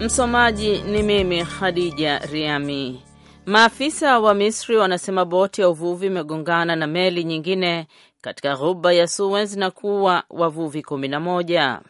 Msomaji ni mimi Khadija Riami. Maafisa wa Misri wanasema boti ya uvuvi imegongana na meli nyingine katika ghuba ya Suez na kuwa wavuvi kumi na moja.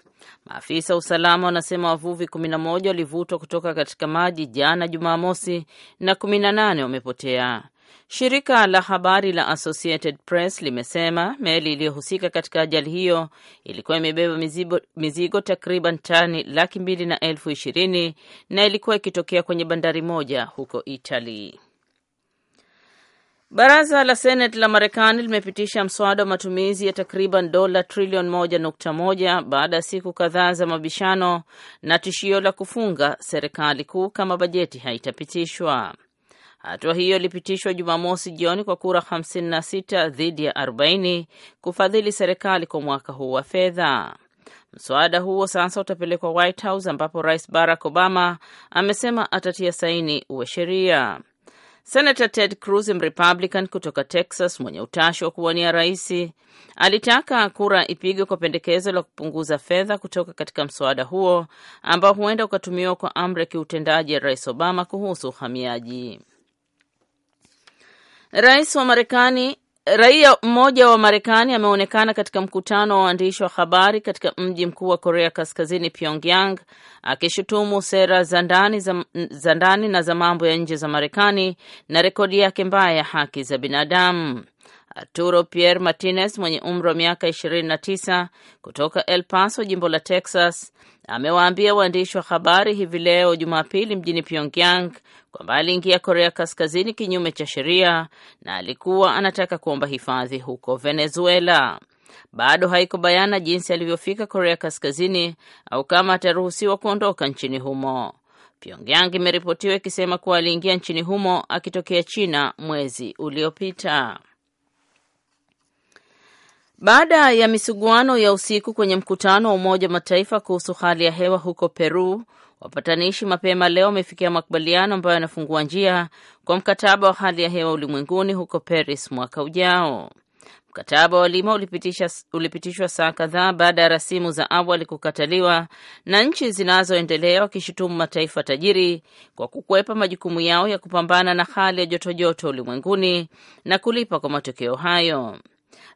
Maafisa wa usalama wanasema wavuvi kumi na moja walivutwa kutoka katika maji jana Jumamosi na kumi na nane wamepotea. Shirika la habari la Associated Press limesema meli iliyohusika katika ajali hiyo ilikuwa imebeba mizigo, mizigo takriban tani laki mbili na elfu ishirini na ilikuwa ikitokea kwenye bandari moja huko Italy. Baraza la Seneti la Marekani limepitisha mswada wa matumizi ya takriban dola trilioni moja nukta moja baada ya siku kadhaa za mabishano na tishio la kufunga serikali kuu kama bajeti haitapitishwa. Hatua hiyo ilipitishwa Jumamosi jioni kwa kura 56 dhidi ya 40 kufadhili serikali kwa mwaka huu wa fedha. Mswada huo sasa utapelekwa White House ambapo Rais Barack Obama amesema atatia saini uwe sheria. Senator Ted Cruz, Mrepublican kutoka Texas mwenye utashi wa kuwania rais, alitaka kura ipigwe kwa pendekezo la kupunguza fedha kutoka katika mswada huo ambao huenda ukatumiwa kwa amri ya kiutendaji ya Rais Obama kuhusu uhamiaji. Rais wa Marekani Raia mmoja wa Marekani ameonekana katika mkutano wa waandishi wa habari katika mji mkuu wa Korea Kaskazini, Pyongyang, akishutumu sera za ndani za ndani na za mambo ya nje za Marekani na rekodi yake mbaya ya haki za binadamu. Arturo Pierre Martinez mwenye umri wa miaka 29 kutoka El Paso, jimbo la Texas, amewaambia waandishi wa habari hivi leo Jumapili mjini Pyongyang kwamba aliingia Korea Kaskazini kinyume cha sheria na alikuwa anataka kuomba hifadhi huko Venezuela. Bado haiko bayana jinsi alivyofika Korea Kaskazini au kama ataruhusiwa kuondoka nchini humo. Pyongyang imeripotiwa ikisema kuwa aliingia nchini humo akitokea China mwezi uliopita. Baada ya misuguano ya usiku kwenye mkutano wa Umoja wa Mataifa kuhusu hali ya hewa huko Peru, Wapatanishi mapema leo wamefikia makubaliano ambayo yanafungua njia kwa mkataba wa hali ya hewa ulimwenguni huko Paris mwaka ujao. Mkataba wa Lima ulipitishwa saa kadhaa baada ya rasimu za awali kukataliwa na nchi zinazoendelea, wakishutumu mataifa tajiri kwa kukwepa majukumu yao ya kupambana na hali ya jotojoto ulimwenguni na kulipa kwa matokeo hayo.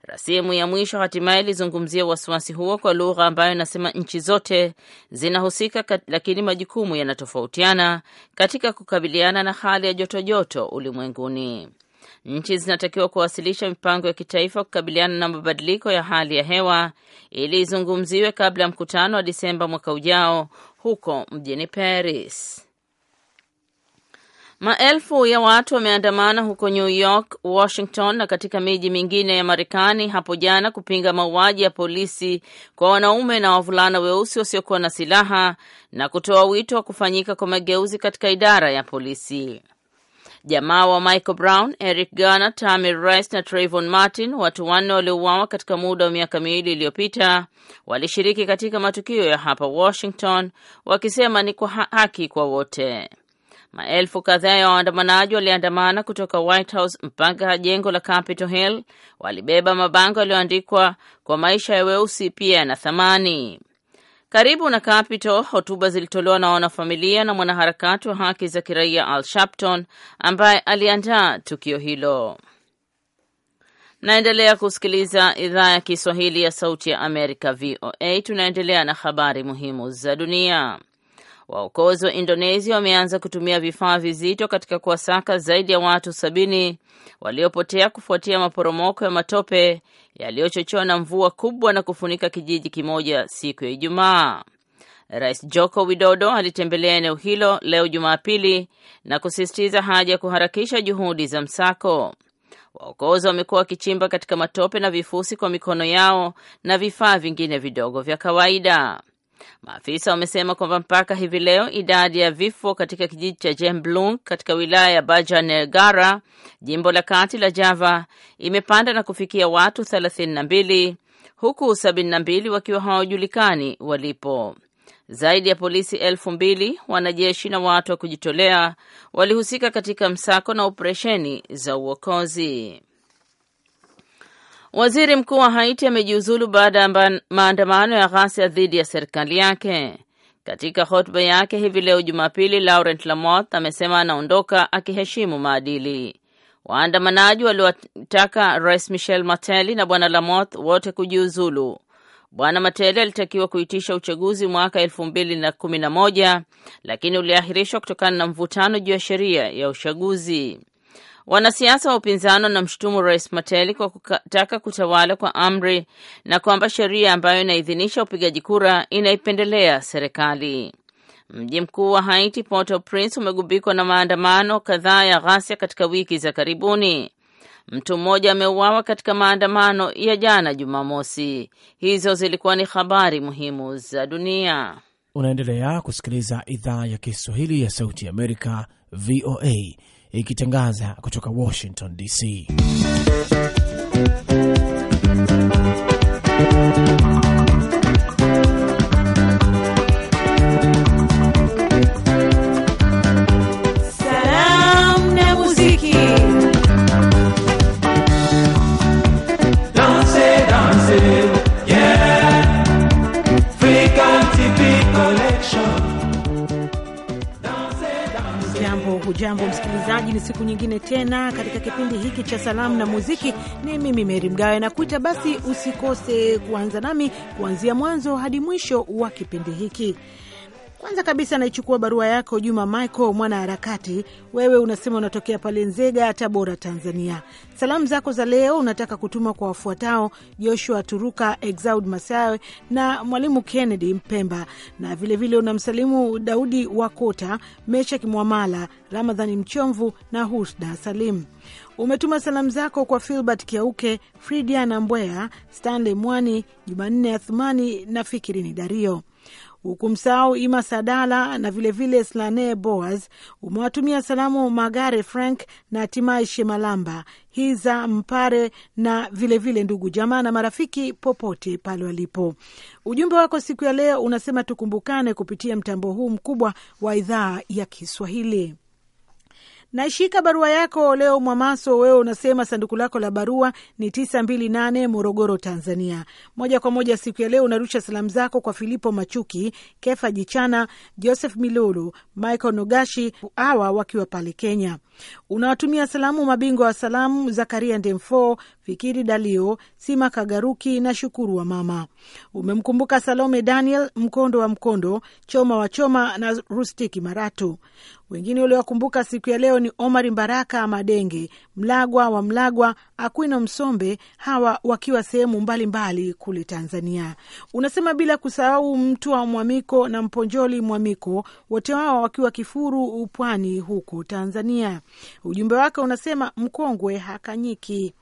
Rasimu ya mwisho hatimaye ilizungumzia wasiwasi huo kwa lugha ambayo inasema nchi zote zinahusika, lakini majukumu yanatofautiana katika kukabiliana na hali ya jotojoto ulimwenguni. Nchi zinatakiwa kuwasilisha mipango ya kitaifa kukabiliana na mabadiliko ya hali ya hewa ili izungumziwe kabla ya mkutano wa Disemba mwaka ujao huko mjini Paris. Maelfu ya watu wameandamana huko New York, Washington na katika miji mingine ya Marekani hapo jana kupinga mauaji ya polisi kwa wanaume na wavulana weusi wasiokuwa na silaha na kutoa wito wa kufanyika kwa mageuzi katika idara ya polisi. Jamaa wa Michael Brown, Eric Garner, Tamir Rice na Trayvon Martin, watu wanne waliouawa katika muda wa miaka miwili iliyopita, walishiriki katika matukio ya hapa Washington wakisema ni kwa haki kwa wote. Maelfu kadhaa ya waandamanaji waliandamana kutoka White House mpaka jengo la Capitol Hill. Walibeba mabango yaliyoandikwa kwa maisha ya weusi pia yana thamani. Karibu na Capitol, hotuba zilitolewa na wanafamilia na mwanaharakati wa haki za kiraia Al Sharpton ambaye aliandaa tukio hilo. Naendelea kusikiliza idhaa ya Kiswahili ya Sauti ya Amerika, VOA. Tunaendelea na habari muhimu za dunia. Waokozi wa Indonesia wameanza kutumia vifaa vizito katika kuwasaka zaidi ya watu sabini waliopotea kufuatia maporomoko ya matope yaliyochochewa na mvua kubwa na kufunika kijiji kimoja siku ya Ijumaa. Rais Joko Widodo alitembelea eneo hilo leo Jumapili na kusisitiza haja ya kuharakisha juhudi za msako. Waokozi wamekuwa wakichimba katika matope na vifusi kwa mikono yao na vifaa vingine vidogo vya kawaida. Maafisa wamesema kwamba mpaka hivi leo idadi ya vifo katika kijiji cha Jemblung katika wilaya ya Baja Negara, jimbo la kati la Java, imepanda na kufikia watu 32 huku 72 wakiwa hawajulikani walipo. Zaidi ya polisi elfu mbili, wanajeshi na watu wa kujitolea walihusika katika msako na operesheni za uokozi. Waziri mkuu wa Haiti amejiuzulu baada ya maandamano ya ghasia dhidi ya serikali yake. Katika hotuba yake hivi leo Jumapili, Laurent lamoth amesema anaondoka akiheshimu maadili. Waandamanaji waliwataka Rais Michel Mateli na Bwana lamoth wote kujiuzulu. Bwana Mateli alitakiwa kuitisha uchaguzi mwaka elfu mbili na kumi na moja lakini uliahirishwa kutokana na mvutano juu ya sheria ya uchaguzi. Wanasiasa wa upinzani wanamshutumu Rais Mateli kwa kutaka kutawala kwa amri na kwamba sheria ambayo inaidhinisha upigaji kura inaipendelea serikali. Mji mkuu wa Haiti Port-au-Prince umegubikwa na maandamano kadhaa ya ghasia katika wiki za karibuni. Mtu mmoja ameuawa katika maandamano ya jana Jumamosi. Hizo zilikuwa ni habari muhimu za dunia. Unaendelea kusikiliza idhaa ya Kiswahili ya Sauti ya Amerika, VOA ikitangaza kutoka Washington DC. msikilizaji, ni siku nyingine tena katika kipindi hiki cha salamu na muziki. Ni mimi Meri Mgawe nakuita, basi usikose kuanza nami kuanzia mwanzo hadi mwisho wa kipindi hiki. Kwanza kabisa anaichukua barua yako Juma Michael mwanaharakati. Wewe unasema unatokea pale Nzega, Tabora, Tanzania. Salamu zako za leo unataka kutuma kwa wafuatao: Joshua Turuka, Exaud Masawe na Mwalimu Kennedy Mpemba, na vilevile vile unamsalimu Daudi Wakota, Mesha Kimwamala, Ramadhani Mchomvu na Husda Salim. Umetuma salamu zako kwa Filbert Kiauke, Fridiana Mbwea, Stanley Mwani, Jumanne Athumani na Fikirini Dario hukumsahau Ima Sadala na vilevile vile Slane Boas. Umewatumia salamu Magare Frank na hatimaye Shemalamba Hiza Mpare na vilevile vile ndugu jamaa na marafiki popote pale walipo. Ujumbe wako siku ya leo unasema tukumbukane kupitia mtambo huu mkubwa wa idhaa ya Kiswahili. Naishika barua yako leo Mwamaso, wewe unasema sanduku lako la barua ni 928 Morogoro, Tanzania. Moja kwa moja siku ya leo unarusha salamu zako kwa Filipo Machuki, Kefa Jichana, Joseph Milulu, Michael Nogashi, awa wakiwa pale Kenya. Unawatumia salamu mabingwa wa salamu Zakaria Ndemfo, Fikiri Dalio, Sima Kagaruki na Shukuru wa Mama. Umemkumbuka Salome Daniel, Mkondo wa Mkondo, Choma wa Choma na Rustiki Maratu. Wengine uliowakumbuka siku ya leo ni Omar Mbaraka Madenge, Mlagwa wa Mlagwa, Akwino Msombe, hawa wakiwa sehemu mbalimbali kule Tanzania. Unasema bila kusahau mtu wa Mwamiko na Mponjoli Mwamiko, wote wao wakiwa Kifuru upwani huko Tanzania. Ujumbe wake unasema mkongwe hakanyiki.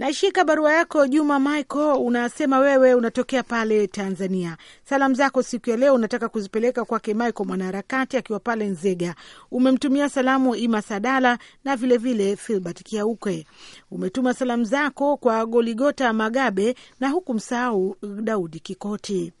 Naishika barua yako Juma Michael, unasema wewe unatokea pale Tanzania. Salamu zako siku ya leo unataka kuzipeleka kwake Michael mwanaharakati akiwa pale Nzega. Umemtumia salamu Ima Sadala na vilevile Filbert kiauke Umetuma salamu zako kwa Goligota Magabe na huku msahau Daudi Kikoti.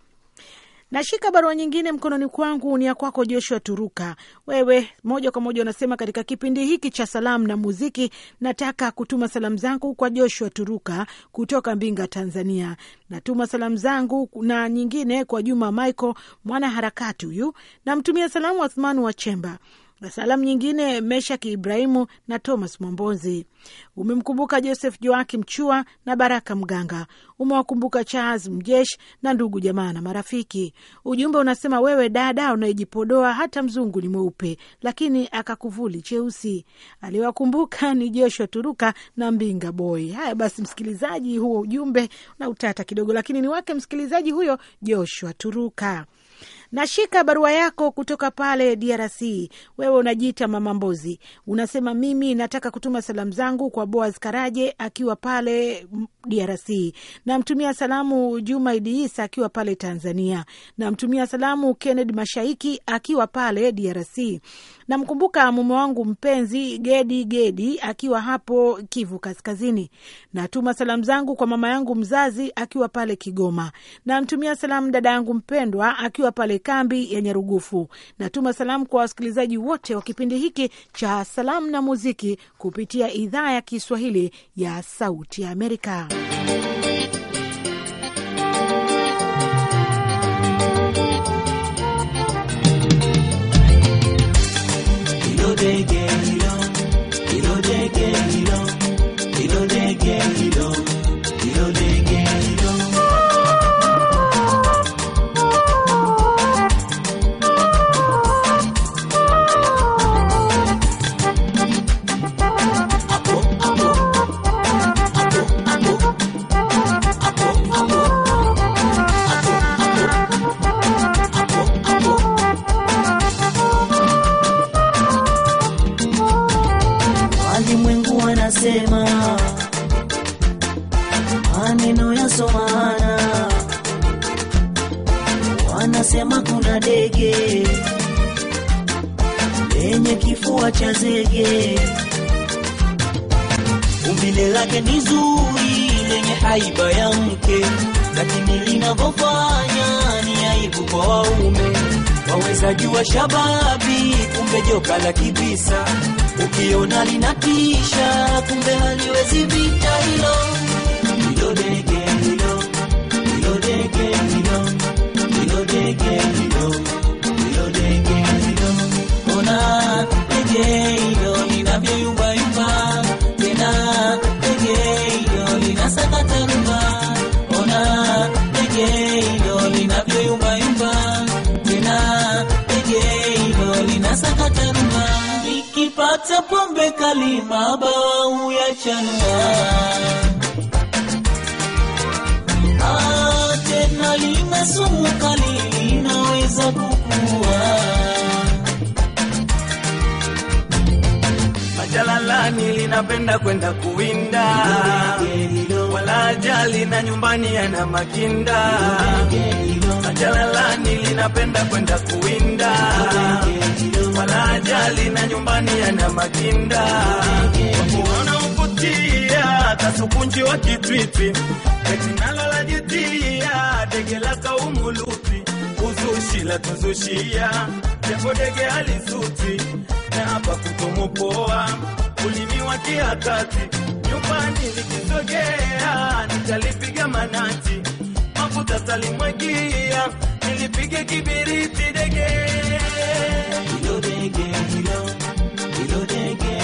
Nashika barua nyingine mkononi kwangu, ni ya kwako Joshua Turuka. Wewe moja kwa moja unasema katika kipindi hiki cha salamu na muziki, nataka kutuma salamu zangu kwa Joshua Turuka kutoka Mbinga, Tanzania. Natuma salamu zangu na nyingine kwa Juma Michael, mwanaharakati huyu. Namtumia salamu Wathmani wa Chemba na salamu nyingine Meshaki Ibrahimu na Thomas Mwambozi. Umemkumbuka Joseph Joaki Mchua na Baraka Mganga. Umewakumbuka Charles mjesh na ndugu jamaa na marafiki. Ujumbe unasema wewe dada unayejipodoa hata mzungu ni mweupe, lakini akakuvuli cheusi. Aliwakumbuka ni Joshua Turuka na Mbinga Boy. Haya basi, msikilizaji, huo ujumbe na utata kidogo, lakini ni wake msikilizaji huyo Joshua Turuka. Nashika barua yako kutoka pale DRC. Wewe unajiita Mama Mbozi, unasema mimi nataka kutuma salamu zangu kwa Boaz Karaje akiwa pale DRC, namtumia salamu Juma Idi akiwa pale Tanzania, namtumia salamu Kennedy Mashaiki akiwa pale DRC. Namkumbuka mume wangu mpenzi Gedi Gedi akiwa hapo Kivu Kaskazini. Natuma salamu zangu kwa mama yangu mzazi akiwa pale Kigoma. Namtumia salamu dada yangu mpendwa akiwa pale kambi ya Nyarugufu. Natuma salamu kwa wasikilizaji wote wa kipindi hiki cha salamu na muziki kupitia idhaa ya Kiswahili ya Sauti ya Amerika. shababi, kumbe joka la kibisa, ukiona linatisha, kumbe haliwezi vita hilo. Hilo dege hilo, hilo dege hilo, hilo dege hilo pombe kali, mabau ya chanua, ah, tena lina sumu kali, linaweza kukua majalalani, linapenda kwenda kuwinda ajali na nyumbani yana makinda, jalalani linapenda kwenda kuwinda, wala ajali na nyumbani yana makinda, ukutia kasukunji wa kitwitwi, etinalo la jitia dege la kaumulupi, uzushi la tuzushia jepo dege alisuti, na hapa kutomopoa ulimi wa kiakati nyumbani nikizogea, nitalipiga manati, mafuta salimwagia, nilipige kibiriti dege, hilo dege, hilo, hilo dege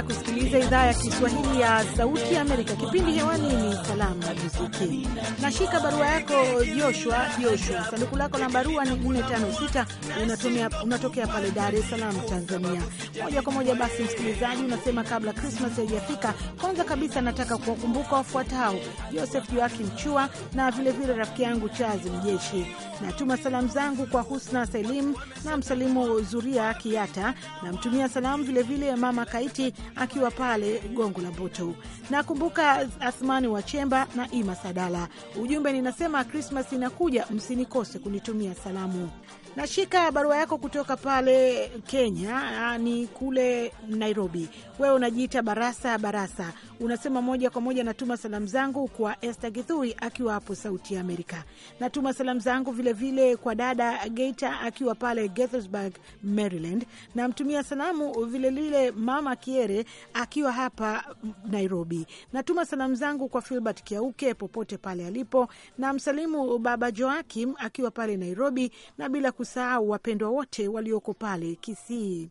ya kusikiliza. kusikiliza idhaa ya Kiswahili ya Sauti ya Amerika. Kipindi hewani ni salamu na muziki. Nashika barua yako Joshua. Joshua, sanduku lako la barua ni 456 unatumia, unatokea pale Dar es Salaam, Tanzania. Moja kwa moja basi, msikilizaji, unasema kabla Krismas haijafika, kwanza kabisa nataka kuwakumbuka wafuatao: Joseph Joakim Chua na vilevile rafiki yangu Chazi Mjeshi. Natuma salamu zangu kwa Husna Salim na msalimu Zuria Kiata, namtumia salamu vilevile vile mama Kaiti akiwa pale Gongo la Mboto. Nakumbuka Athmani wa Chemba na Ima Sadala, ujumbe ninasema Krismas inakuja, msinikose kunitumia salamu. Nashika barua yako kutoka pale Kenya, ni yaani kule Nairobi. Wewe unajiita Barasa Barasa, unasema moja kwa moja, natuma salamu zangu kwa Esther Githui akiwa hapo Sauti ya Amerika. Natuma salamu zangu vilevile kwa dada Geita akiwa pale Gaithersburg, Maryland. Namtumia salamu vilevile mama Kiere akiwa hapa Nairobi. Natuma salamu zangu kwa Filbert Kiauke popote pale alipo, Namsalimu baba Joakim akiwa pale Nairobi, na bila kusahau wapendwa wote walioko pale Kisii.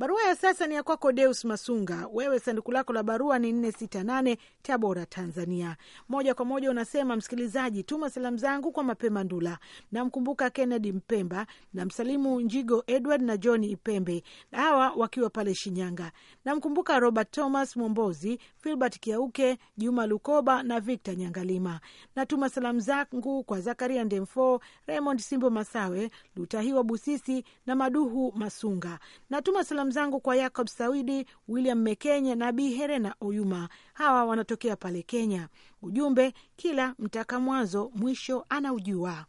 Barua ya sasa ni ya kwako Deus Masunga. Wewe sanduku lako la barua ni 468 Tabora, Tanzania. Moja kwa moja unasema, msikilizaji, tuma salamu zangu kwa Mapema Ndula, namkumbuka Kennedy Mpemba na msalimu Njigo Edward na John Ipembe, hawa wakiwa pale Shinyanga. Namkumbuka Robert Thomas Mwombozi, Filbert Kiauke, Juma Lukoba na Victor Nyangalima. Natuma salamu zangu kwa Zakaria Ndemfo, Raymond Simbo Masawe, Lutahiwa Busisi na Maduhu Masunga. Natuma salamu salamu zangu kwa yacob Sawidi, William Mekenye na Bi Herena Oyuma, hawa wanatokea pale Kenya. Ujumbe, kila mtaka mwanzo mwisho anaujua.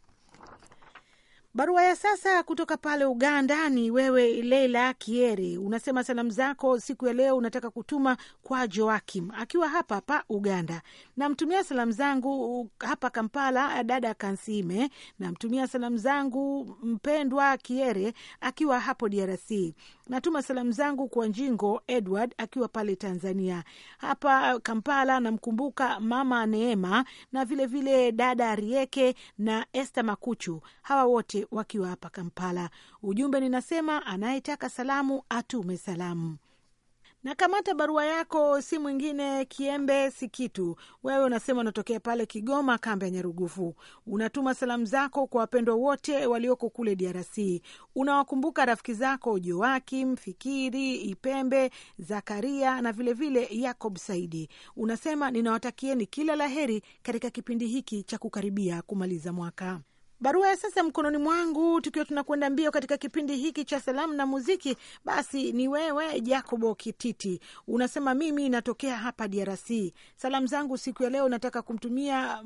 Barua ya sasa kutoka pale Uganda ni wewe Leila Kieri, unasema salamu zako siku ya leo unataka kutuma kwa Joakim akiwa hapa hapa Uganda. Namtumia salamu zangu hapa Kampala dada Kansime, namtumia salamu zangu mpendwa Kiere akiwa hapo DRC. Natuma salamu zangu kwa Njingo Edward akiwa pale Tanzania. Hapa Kampala namkumbuka mama Neema na vilevile vile dada Rieke na Esther Makuchu, hawa wote wakiwa hapa Kampala. Ujumbe ninasema, anayetaka salamu atume salamu. Na kamata barua yako, si mwingine Kiembe Sikitu. Wewe unasema unatokea pale Kigoma, kambi ya Nyarugufu. Unatuma salamu zako kwa wapendwa wote walioko kule DRC. Unawakumbuka rafiki zako Joakim Fikiri, Ipembe Zakaria na vilevile vile Yakob Saidi. Unasema ninawatakieni kila la heri katika kipindi hiki cha kukaribia kumaliza mwaka barua ya sasa mkononi mwangu, tukiwa tunakwenda mbio katika kipindi hiki cha salamu na muziki. Basi ni wewe Jacobo Kititi, unasema mimi natokea hapa DRC. Salamu zangu siku ya leo nataka kumtumia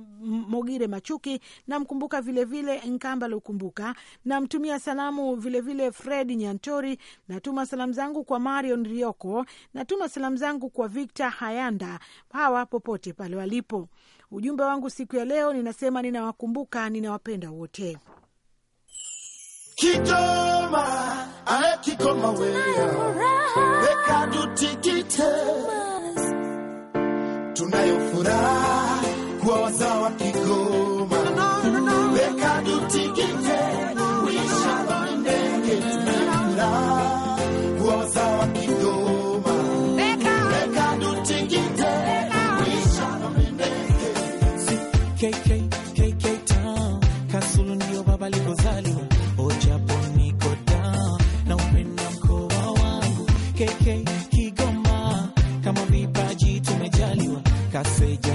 Mogire Machuki, namkumbuka vilevile Nkamba Lukumbuka, namtumia salamu vilevile Fred Nyantori, natuma salamu zangu kwa Marion Rioko, natuma salamu zangu kwa Victor Hayanda, hawa popote pale walipo. Ujumbe wangu siku ya leo ninasema, ninawakumbuka, ninawapenda wote. Kitoma, aekikoma wewe, ekadutikite, tunayo furaha kuwa wazawa Kigoma cacete.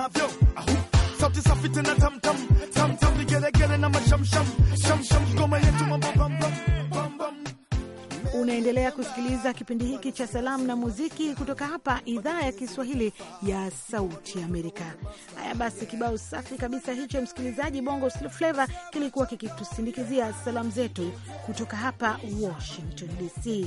navyo sauti safi tena vigelegele na mashamsham shamsham ngoma yetu mambo Unaendelea kusikiliza kipindi hiki cha salamu na muziki kutoka hapa idhaa ya Kiswahili ya Sauti Amerika. Haya basi, kibao safi kabisa hicho, msikilizaji. Bongo Flava kilikuwa kikitusindikizia salamu zetu kutoka hapa Washington DC.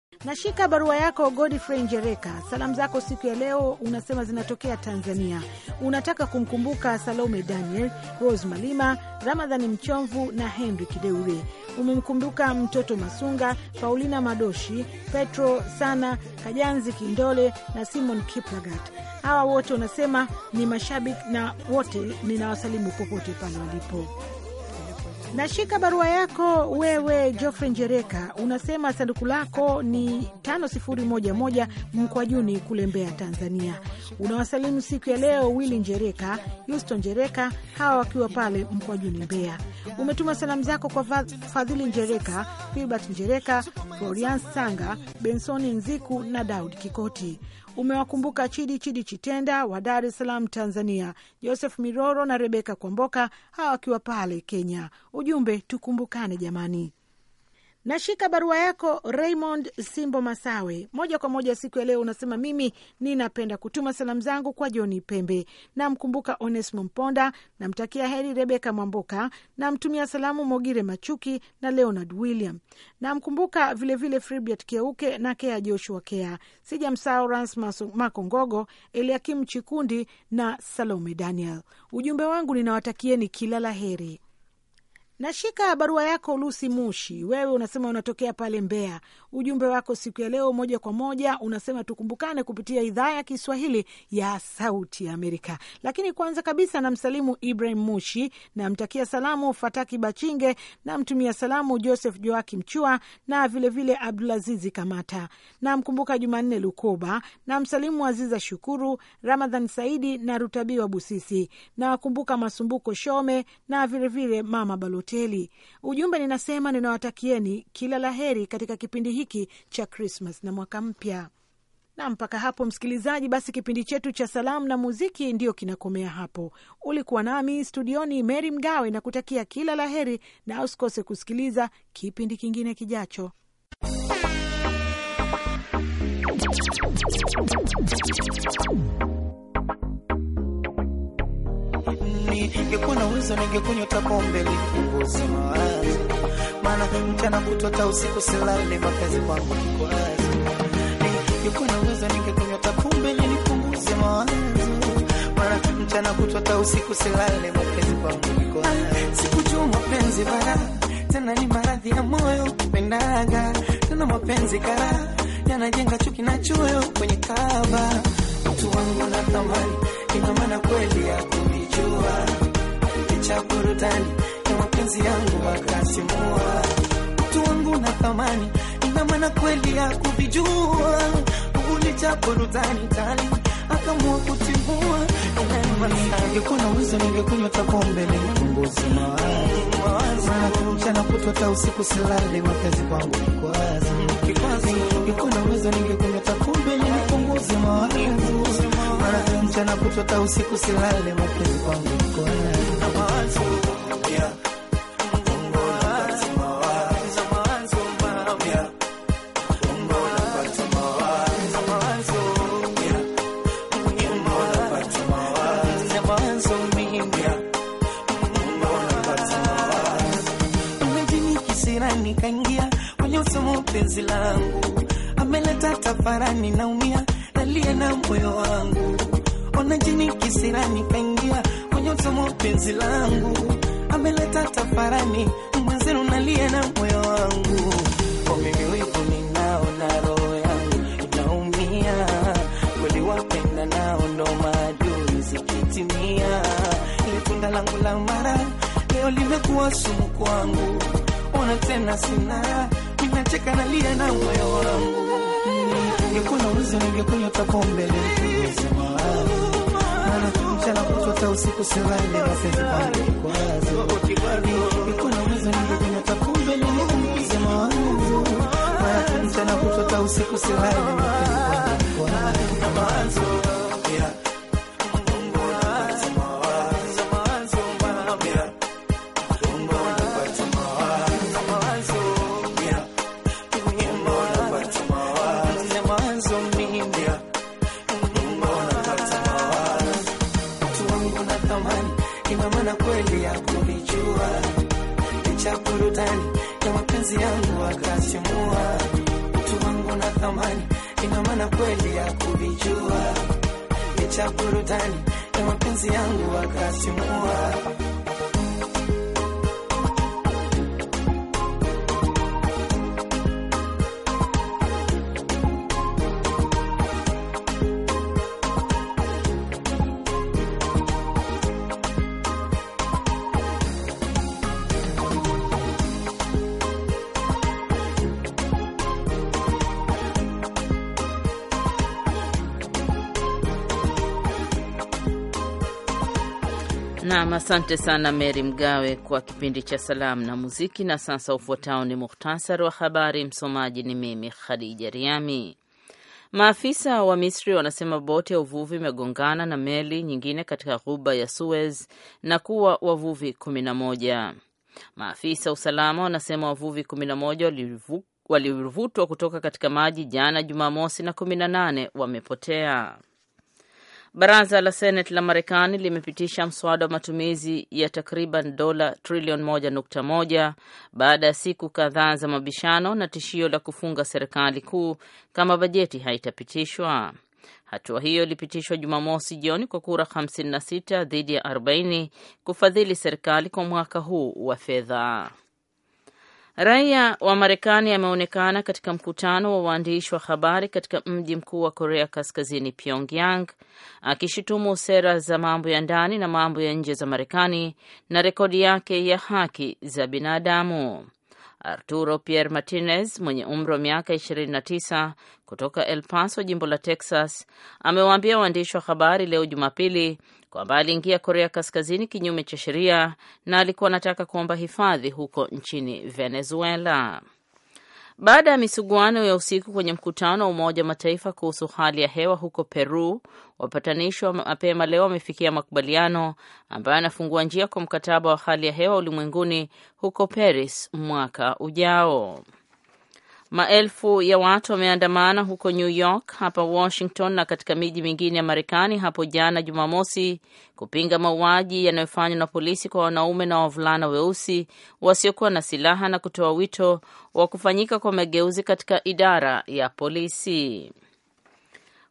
Nashika barua yako Godfrey Njereka. Salamu zako siku ya leo unasema zinatokea Tanzania. Unataka kumkumbuka Salome Daniel, Rose Malima, Ramadhani Mchomvu na Henry Kideure. Umemkumbuka mtoto Masunga, Paulina Madoshi, Petro Sana, Kajanzi Kindole na Simon Kiplagat. Hawa wote unasema ni mashabiki na wote ninawasalimu popote pale walipo. Nashika barua yako wewe Jofre Njereka, unasema sanduku lako ni 5011 Mkwajuni kule Mbeya, Tanzania. Unawasalimu siku ya leo Willi Njereka, Houston Njereka, hawa wakiwa pale Mkwajuni Mbeya. Umetuma salamu zako kwa Fadhili Njereka, Filbert Njereka, Florian Sanga, Bensoni Nziku na Daud Kikoti umewakumbuka Chidi Chidi Chitenda wa Dar es Salaam, Tanzania, Joseph Miroro na Rebeka Kwamboka, hawa wakiwa pale Kenya. Ujumbe, tukumbukane jamani. Nashika barua yako Raymond Simbo Masawe, moja kwa moja siku ya leo. Unasema mimi ninapenda kutuma salamu zangu kwa Joni Pembe, namkumbuka onesimo Mponda, namtakia heri Rebeka Mwamboka, namtumia salamu Mogire Machuki na Leonard William, namkumbuka vilevile Fribiat Keuke na Kea Joshua Kea, sijamsahau Rans Makongogo, Eliakim Chikundi na Salome Daniel. Ujumbe wangu ninawatakieni kila la heri. Nashika barua yako Lusi Mushi, wewe unasema unatokea pale Mbeya, ujumbe wako siku ya leo moja kwa moja unasema tukumbukane kupitia idhaa ya Kiswahili ya Sauti ya Amerika. Lakini kwanza kabisa namsalimu Ibrahim Mushi, namtakia salamu Fataki Bachinge, namtumia salamu Joseph Joaki Mchua na vilevile Abdulazizi Kamata, namkumbuka Jumanne Lukoba, namsalimu Aziza Shukuru, Ramadhan Saidi na Rutabiwa Busisi, nawakumbuka Masumbuko Shome na vilevile vile Mama Baloteli. Ujumbe ninasema ninawatakieni kila laheri katika kipindi hii hiki cha Krismas na mwaka mpya. Na mpaka hapo msikilizaji, basi kipindi chetu cha salamu na muziki ndiyo kinakomea hapo. Ulikuwa nami studioni Meri Mgawe na kutakia kila la heri, na usikose kusikiliza kipindi kingine kijacho. Ningekuwa na uwezo ningekunywa pombe nipunguze mawazo, maana mchana kutota usiku silale, mapenzi kwangu kikwazo. Ningekuwa na uwezo ningekunywa pombe nipunguze mawazo, maana mchana kutota usiku silale, mapenzi kwangu kikwazo. Sikujua mapenzi bara tena ni maradhi ya moyo pendaga tena mapenzi kara yanajenga chuki na chuyo kwenye kaba mtu wangu na thamani ina maana kweli yako cha burudani ya mapenzi yangu wakasimua utu wangu na thamani ina maana kweli ya kuvijua kivuli cha burudani tali akamua kutimua Ningekuwa na uwezo ningekunywa hata nipunguze mawazo, maana mchana kutwa hata usiku silali, mapenzi kwangu kikwazo. Ningekuwa na uwezo ningekunywa hata nipunguze mawazo, maana mchana kutwa hata usiku silali, mapenzi kwangu kikwazo. Nikaingia kwenye usomo penzi langu ameleta tafarani, naumia nalia na moyo wangu, ona jini kisirani kaingia mtamu penzi langu ameleta tafarani mwenzenu, nalia na moyo wangu kwa mimi wivu ninao na roho yangu inaumia kweli, wapenda nao ndo maadui zikitimia, ile tunda langu la mara leo limekuwa sumu kwangu, ona tena sina ninacheka nalia na moyo wangu, ningekuwa na uwezo ningekunywa pombe leo mchana mchana kutota usiku silale mapenzi kwangu kwazo nikuna uwezo ningekunyota kumbe nilikumpiza mawazo mchana kutota usiku silale mapenzi kwangu kweli ya kuvijua licha burudani na mapenzi yangu wakasimua Asante sana Meri Mgawe kwa kipindi cha salamu na muziki. Na sasa ufuatao ni muhtasari wa habari. Msomaji ni mimi Khadija Riami. Maafisa wa Misri wanasema boti ya uvuvi imegongana na meli nyingine katika ghuba ya Suez na kuwa wavuvi kumi na moja. Maafisa usalama wanasema wavuvi kumi na moja walivutwa kutoka katika maji jana Jumamosi na kumi na nane wamepotea. Baraza la Seneti la Marekani limepitisha mswada wa matumizi ya takriban dola trilioni moja nukta moja baada ya siku kadhaa za mabishano na tishio la kufunga serikali kuu kama bajeti haitapitishwa. Hatua hiyo ilipitishwa Jumamosi jioni kwa kura 56 dhidi ya 40 kufadhili serikali kwa mwaka huu wa fedha. Raia wa Marekani ameonekana katika mkutano wa waandishi wa habari katika mji mkuu wa Korea Kaskazini, Pyongyang, akishutumu sera za mambo ya ndani na mambo ya nje za Marekani na rekodi yake ya haki za binadamu. Arturo Pierre Martinez mwenye umri wa miaka 29 kutoka El Paso, jimbo la Texas, amewaambia waandishi wa habari leo Jumapili kwamba aliingia Korea Kaskazini kinyume cha sheria na alikuwa anataka kuomba hifadhi huko nchini Venezuela. Baada ya misuguano ya usiku kwenye mkutano wa Umoja wa Mataifa kuhusu hali ya hewa huko Peru, wapatanishi wa mapema leo wamefikia makubaliano ambayo anafungua njia kwa mkataba wa hali ya hewa ulimwenguni huko Paris mwaka ujao. Maelfu ya watu wameandamana huko New York, hapa Washington na katika miji mingine ya Marekani hapo jana Jumamosi kupinga mauaji yanayofanywa na polisi kwa wanaume na wavulana weusi wasiokuwa na silaha na kutoa wito wa kufanyika kwa mageuzi katika idara ya polisi.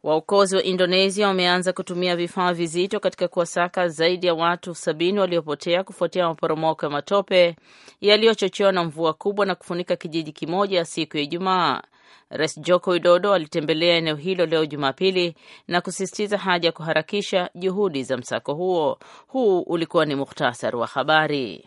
Waokozi wa Indonesia wameanza kutumia vifaa vizito katika kuwasaka zaidi ya watu sabini waliopotea kufuatia maporomoko ya matope yaliyochochewa na mvua kubwa na kufunika kijiji kimoja siku ya Ijumaa. Rais Joko Widodo alitembelea eneo hilo leo Jumapili na kusisitiza haja ya kuharakisha juhudi za msako huo. Huu ulikuwa ni muhtasari wa habari.